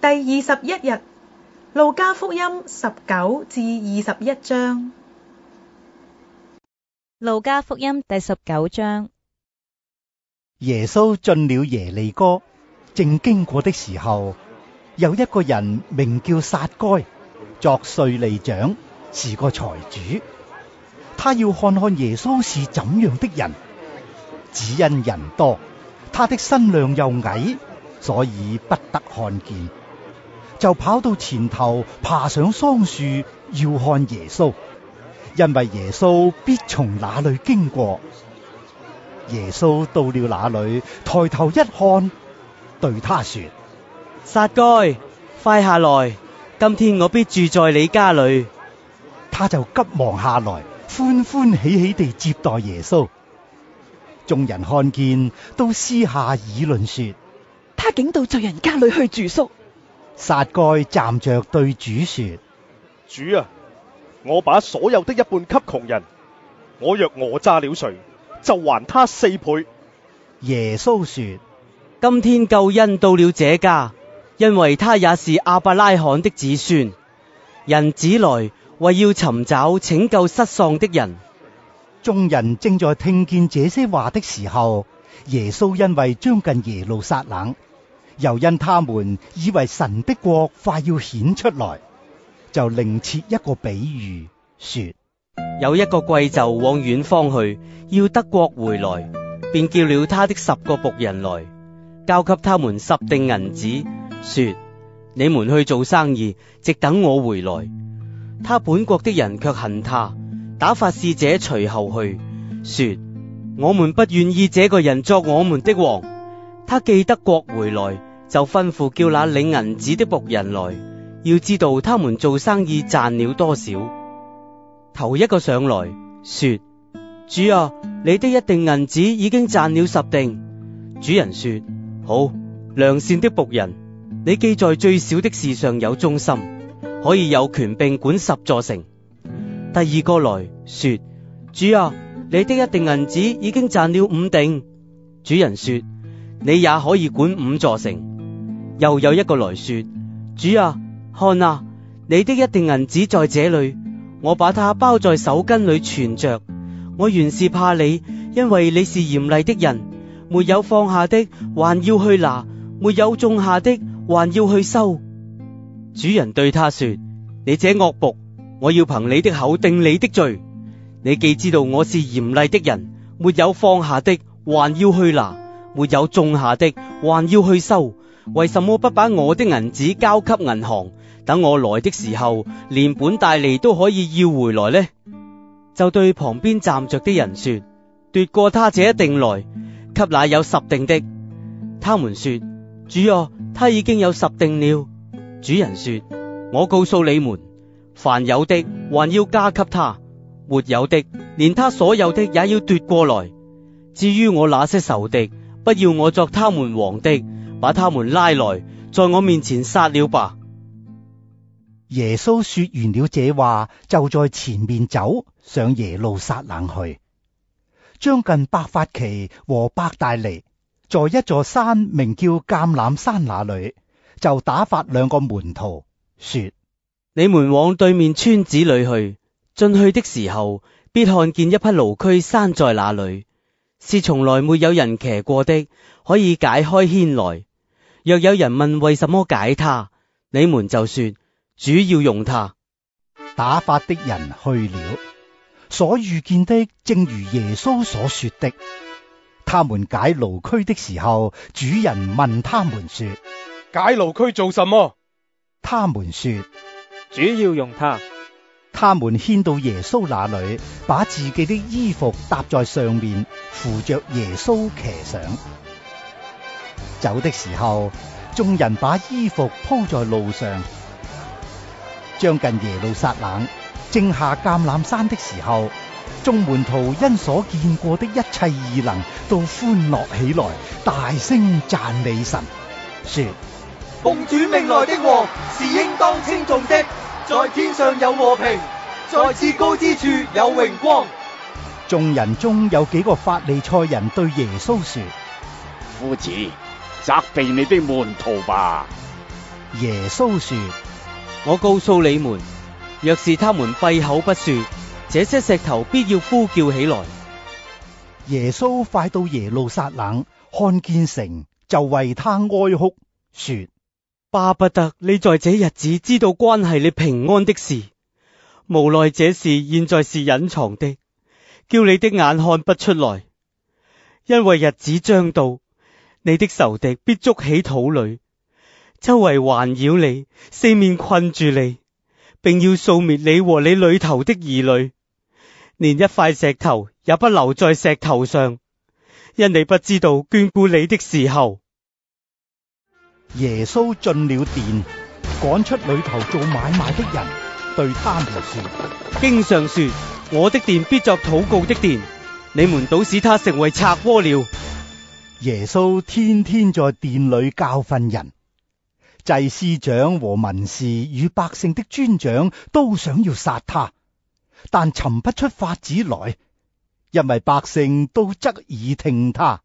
第二十一日，路加福音十九至二十一章。路加福音第十九章，耶穌進了耶利哥，正經過的時候，有一個人名叫撒該，作稅吏長，是個財主。他要看看耶穌是怎樣的人，只因人多，他的身量又矮，所以不得看見。就跑到前頭，爬上桑樹，要看耶穌，因為耶穌必從那裏經過。耶穌到了那裏，抬頭一看，對他說：撒該，快下來，今天我必住在你家裏。他就急忙下來，歡歡喜喜地接待耶穌。眾人看見，都私下議論說：他竟到罪人家裏去住宿。撒該站着對主說：主啊，我把所有的一半給窮人，我若訛詐了誰，就還他四倍。耶穌說：今天救恩到了這家，因為他也是阿伯拉罕的子孫。人子來為要尋找拯救失喪的人。眾人正在聽見這些話的時候，耶穌因為將近耶路撒冷。又因他們以為神的國快要顯出來，就另設一個比喻，說：有一個貴胄往遠方去，要得國回來，便叫了他的十個僕人來，交給他們十錠銀子，說：你們去做生意，直等我回來。他本國的人卻恨他，打發使者隨後去，說：我們不願意這個人作我們的王。他既得國回來。就吩咐叫那領銀子的僕人來，要知道他們做生意賺了多少。頭一個上來，說：主啊，你的一錠銀子已經賺了十錠。」主人說：好，良善的僕人，你記在最小的事上有忠心，可以有權並管十座城。第二個來說：主啊，你的一錠銀子已經賺了五錠。」主人說：你也可以管五座城。又有一個來說：主啊，看啊，你的一錠銀子在這裏，我把它包在手巾裏存着。我原是怕你，因為你是嚴厲的人，沒有放下的還要去拿，沒有種下的還要去收。主人對他說：你這惡僕，我要憑你的口定你的罪。你既知道我是嚴厲的人，沒有放下的還要去拿，沒有種下的還要去收。為什麼不把我的銀子交給銀行，等我來的時候，連本帶利都可以要回來呢？就對旁邊站着的人說：奪過他這一定來，給那有十定的。他們說：主啊，他已經有十定了。主人說：我告訴你們，凡有的還要加給他，沒有的連他所有的也要奪過來。至於我那些仇敵，不要我作他們王的。把他們拉來，在我面前殺了吧！耶穌說完了這話，就在前面走上耶路撒冷去。將近伯法其和伯大尼，在一座山名叫橄欖山那裏，就打發兩個門徒說：你們往對面村子裏去，進去的時候，必看見一匹驢駒拴在那裏，是從來沒有人騎過的，可以解開牽來。若有人問為什麼解他，你們就說：主要用他。打發的人去了。所遇見的正如耶穌所說的。他們解驢駒的時候，主人問他們說：解驢駒做什麼？他們說：主要用他。他們牽到耶穌那裏，把自己的衣服搭在上面，扶着耶穌騎上。走的時候，眾人把衣服鋪在路上，將近耶路撒冷，正下橄欖山的時候，眾門徒因所見過的一切異能，都歡樂起來，大聲讚美神，說：奉主命來的王是應當稱頌的，在天上有和平，在至高之處有榮光。眾人中有幾個法利賽人對耶穌說：夫子。責備你的門徒吧。耶穌說：我告訴你們，若是他們閉口不說，這些石頭必要呼叫起來。耶穌快到耶路撒冷，看見城，就為他哀哭，說：巴不得你在這日子知道關係你平安的事，無奈這事現在是隱藏的，叫你的眼看不出來，因為日子將到。你的仇敵必捉起土壘，周圍環繞你，四面困住你，並要掃滅你和你裏頭的兒女，連一塊石頭也不留在石頭上，因你不知道眷顧你的時候。耶穌進了殿，趕出裏頭做買賣的人，對他們說：經上說，我的殿必作禱告的殿，你們倒使他成為賊窩了。耶穌天天在殿裏教訓人，祭司長和文士與百姓的尊長都想要殺他，但尋不出法子來，因為百姓都側耳聽他。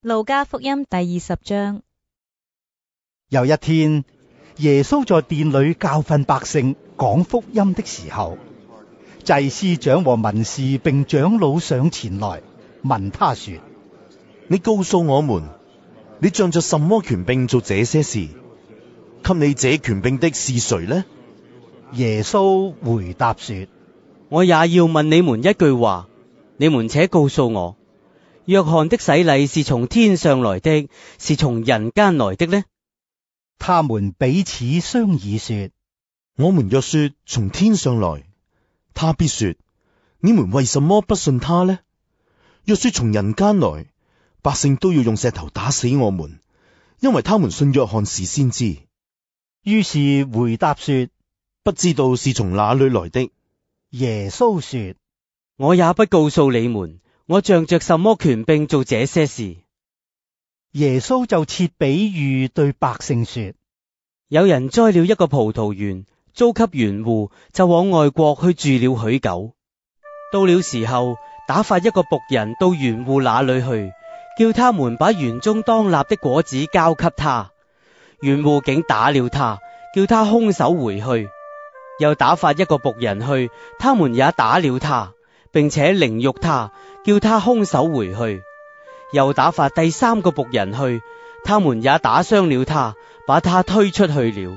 路加福音第二十章。有一天，耶穌在殿裏教訓百姓講福音的時候，祭司長和文士並長老上前來。問他說：你告訴我們，你仗着什麼權柄做這些事？給你這權柄的是誰呢？耶穌回答說：我也要問你們一句話，你們且告訴我：約翰的洗禮是從天上來的，是從人間來的呢？他們彼此商議說：我們若說從天上來，他必說：你們為什麼不信他呢？若說從人間來，百姓都要用石頭打死我們，因為他們信約翰是先知。於是回答說：不知道是從哪裏來的。耶穌說：我也不告訴你們，我仗着什麼權柄做這些事。耶穌就設比喻對百姓說：有人栽了一個葡萄園，租給園戶，就往外國去住了許久。到了時候，打發一個僕人到園戶那裏去，叫他們把園中當納的果子交給他。園戶竟打了他，叫他空手回去。又打發一個僕人去，他們也打了他，並且凌辱他，叫他空手回去。又打發第三個僕人去，他們也打傷了他，把他推出去了。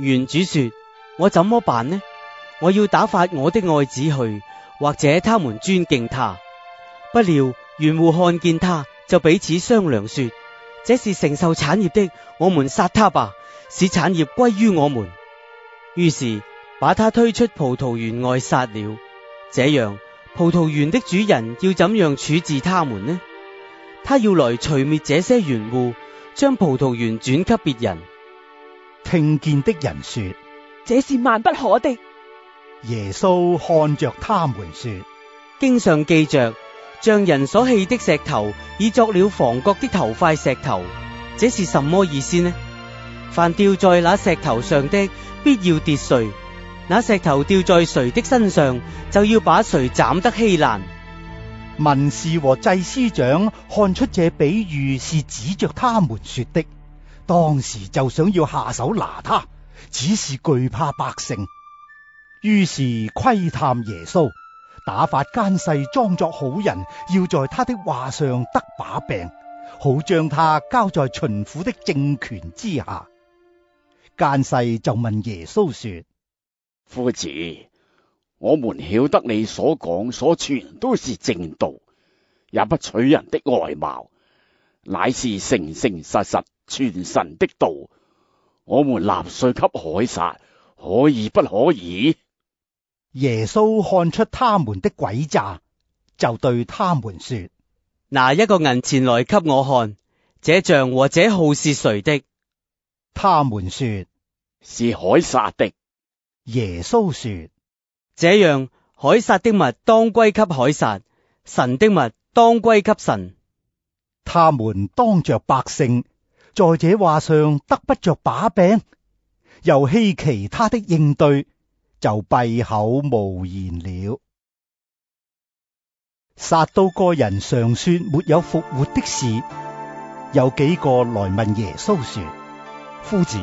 園主說：我怎麼辦呢？我要打發我的愛子去。或者他們尊敬他，不料園戶看見他就彼此商量說：這是承受產業的，我們殺他吧，使產業歸於我們。於是把他推出葡萄園外殺了。這樣葡萄園的主人要怎樣處置他們呢？他要來除滅這些園戶，將葡萄園轉給別人。聽見的人說：這是萬不可的。耶穌看着他們說：經常記着，像人所棄的石頭，已作了房角的頭塊石頭，這是什麼意思呢？凡掉在那石頭上的，必要跌碎；那石頭掉在誰的身上，就要把誰斬得稀爛。文士和祭司長看出這比喻是指着他們說的，當時就想要下手拿他，只是懼怕百姓。於是窺探耶穌，打發奸細裝作好人，要在他的話上得把柄，好將他交在巡撫的政權之下。奸細就問耶穌說：「夫子，我們曉得你所講所傳都是正道，也不取人的外貌，乃是誠誠實實傳神的道。我們納稅給該撒，可以不可以？耶穌看出他們的詭詐，就對他們說：拿一個銀錢來給我看，這像和這號是誰的？他們說：是該撒的。耶穌說：這樣，該撒的物當歸給該撒，神的物當歸給神。他們當着百姓，在這話上得不着把柄，又希奇他的應對。就閉口無言了。殺到個人常說沒有復活的事，有幾個來問耶穌說：，夫子，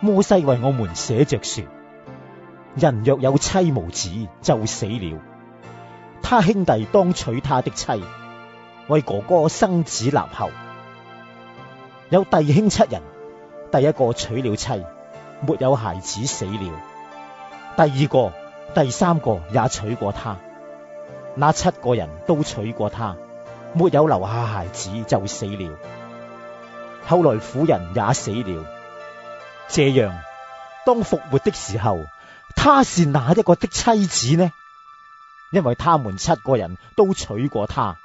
摩西為我們寫着說，人若有妻無子就死了，他兄弟當娶他的妻，為哥哥生子立後。有弟兄七人，第一個娶了妻，沒有孩子死了。第二個、第三個也娶過她，那七個人都娶過她，沒有留下孩子就死了。後來婦人也死了。這樣當復活的時候，她是哪一個的妻子呢？因為他們七個人都娶過她。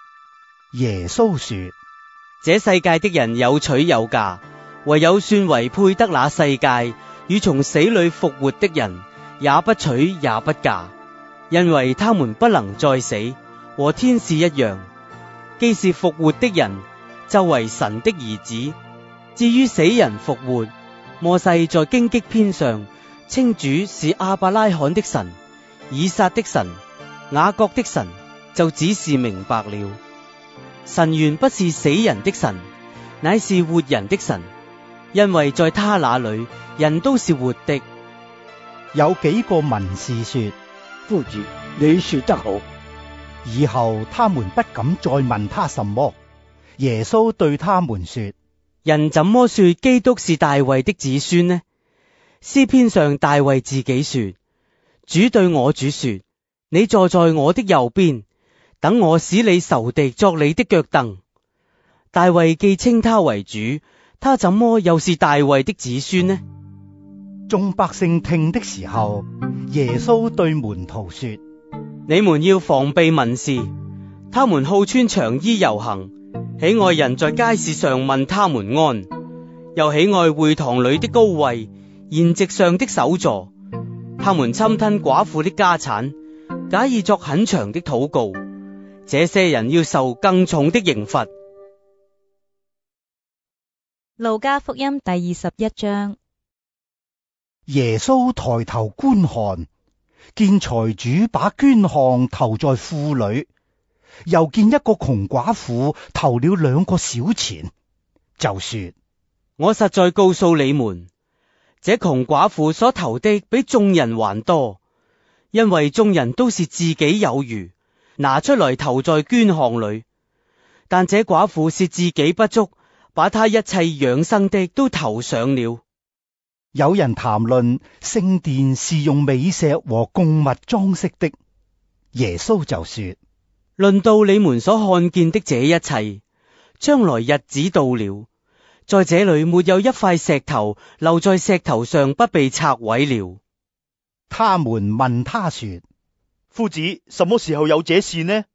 耶穌說：「這世界的人有娶有嫁，唯有算為配得那世界與從死裏復活的人。」也不娶也不嫁，因為他們不能再死，和天使一樣，既是復活的人，就為神的兒子。至於死人復活，摩西在荊棘篇上稱主是亞伯拉罕的神、以撒的神、雅各的神，就只是明白了，神原不是死人的神，乃是活人的神，因為在他那裏，人都是活的。有幾個文士說：夫子，你說得好。以後他們不敢再問他什麼。耶穌對他們說：人怎麼說基督是大衛的子孫呢？詩篇上大衛自己說：主對我主說：你坐在我的右邊，等我使你仇敵作你的腳凳。大衛既稱他為主，他怎麼又是大衛的子孫呢？眾百姓聽的時候，耶穌對門徒說：你們要防備文士，他們好穿長衣遊行，喜愛人在街市上問他們安，又喜愛會堂裏的高位、筵席上的首座。他們侵吞寡婦的家產，假意作很長的禱告。這些人要受更重的刑罰。路加福音第二十一章。耶穌抬頭觀看，見財主把捐項投在庫裏，又見一個窮寡婦投了兩個小錢，就說：我實在告訴你們，這窮寡婦所投的比眾人還多，因為眾人都是自己有餘，拿出來投在捐項裏，但這寡婦是自己不足，把她一切養生的都投上了。有人談論聖殿是用美石和供物裝飾的，耶穌就說：論到你們所看見的這一切，將來日子到了，在這裏沒有一塊石頭留在石頭上不被拆毀了。他們問他說：夫子，什麼時候有這事呢？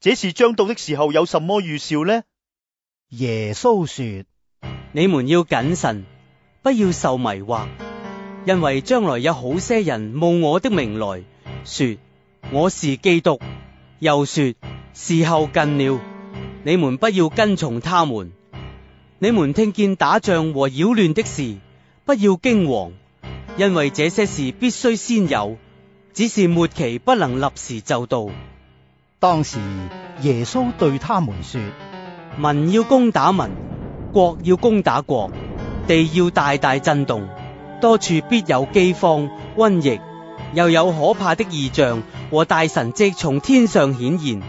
這事將到的時候有什麼預兆呢？耶穌說：你們要謹慎。不要受迷惑，因為將來有好些人冒我的名來說我是基督，又說時候近了，你們不要跟從他們。你們聽見打仗和擾亂的事，不要驚惶，因為這些事必須先有，只是末期不能立時就到。當時耶穌對他們說：民要攻打民，國要攻打國。地要大大震動，多處必有饑荒、瘟疫，又有可怕的異象和大神蹟從天上顯現。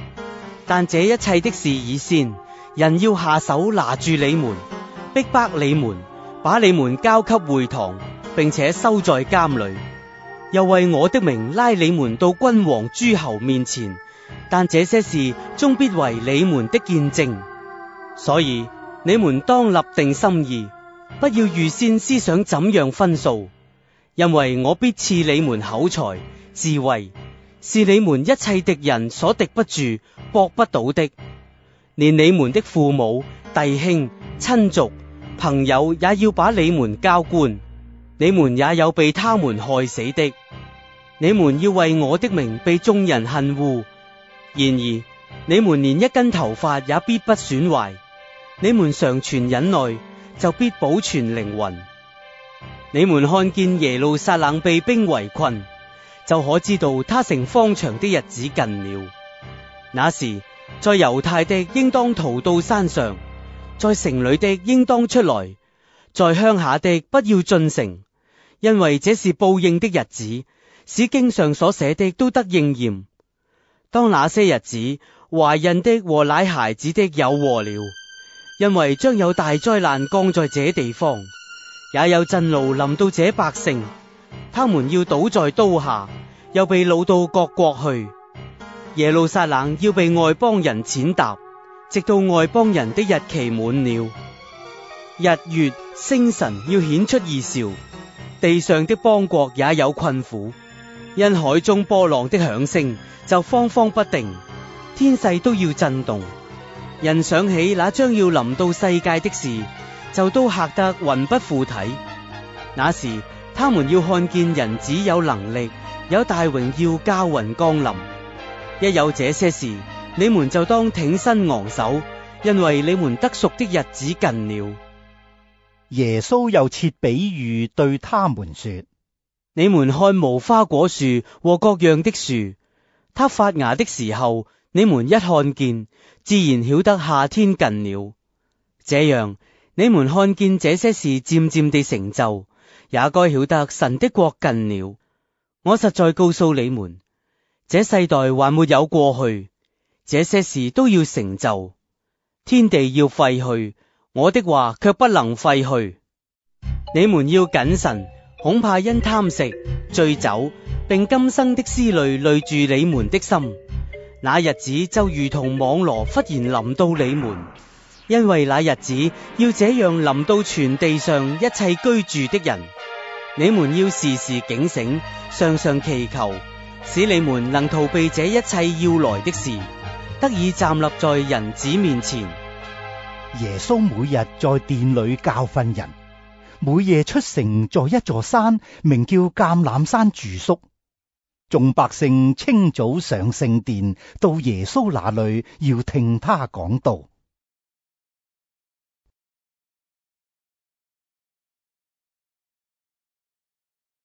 但這一切的事已先，人要下手拿住你們，逼迫你們，把你們交給會堂，並且收在監裏，又為我的名拉你們到君王諸侯面前。但這些事終必為你們的見證，所以你們當立定心意。不要預先思想怎樣分訴，因為我必賜你們口才、智慧，是你們一切敵人所敵不住、駁不倒的。連你們的父母、弟兄、親族、朋友，也要把你們交官，你們也有被他們害死的。你們要為我的名被眾人恨惡，然而你們連一根頭髮也必不損壞，你們常存忍耐。就必保全靈魂。你們看見耶路撒冷被兵圍困，就可知道他成荒場的日子近了。那時，在猶太的應當逃到山上，在城裏的應當出來，在鄉下的不要進城，因為這是報應的日子，使經上所寫的都得應驗。當那些日子，懷孕的和奶孩子的有禍了。因為將有大災難降在這地方，也有震怒臨到這百姓，他們要倒在刀下，又被擄到各國去。耶路撒冷要被外邦人踐踏，直到外邦人的日期滿了。日月星辰要顯出異兆，地上的邦國也有困苦，因海中波浪的響聲就慌慌不定，天勢都要震動。人想起那將要臨到世界的事，就都嚇得魂不附體。那時，他們要看見人子有能力，有大榮耀駕雲降臨。一有這些事，你們就當挺身昂首，因為你們得贖的日子近了。耶穌又設比喻對他們說：你們看無花果樹和各樣的樹，它發芽的時候，你們一看見，自然曉得夏天近了。這樣，你們看見這些事漸漸地成就，也該曉得神的國近了。我實在告訴你們，這世代還沒有過去，這些事都要成就。天地要廢去，我的話卻不能廢去。你們要謹慎，恐怕因貪食、醉酒，並今生的思慮累住你們的心。那日子就如同網羅忽然臨到你們，因為那日子要這樣臨到全地上一切居住的人。你們要時時警醒，常常祈求，使你們能逃避這一切要來的事，得以站立在人子面前。耶穌每日在殿裏教訓人，每夜出城，在一座山，名叫橄欖山住宿。眾百姓清早上聖殿，到耶穌那裡要聽他講道。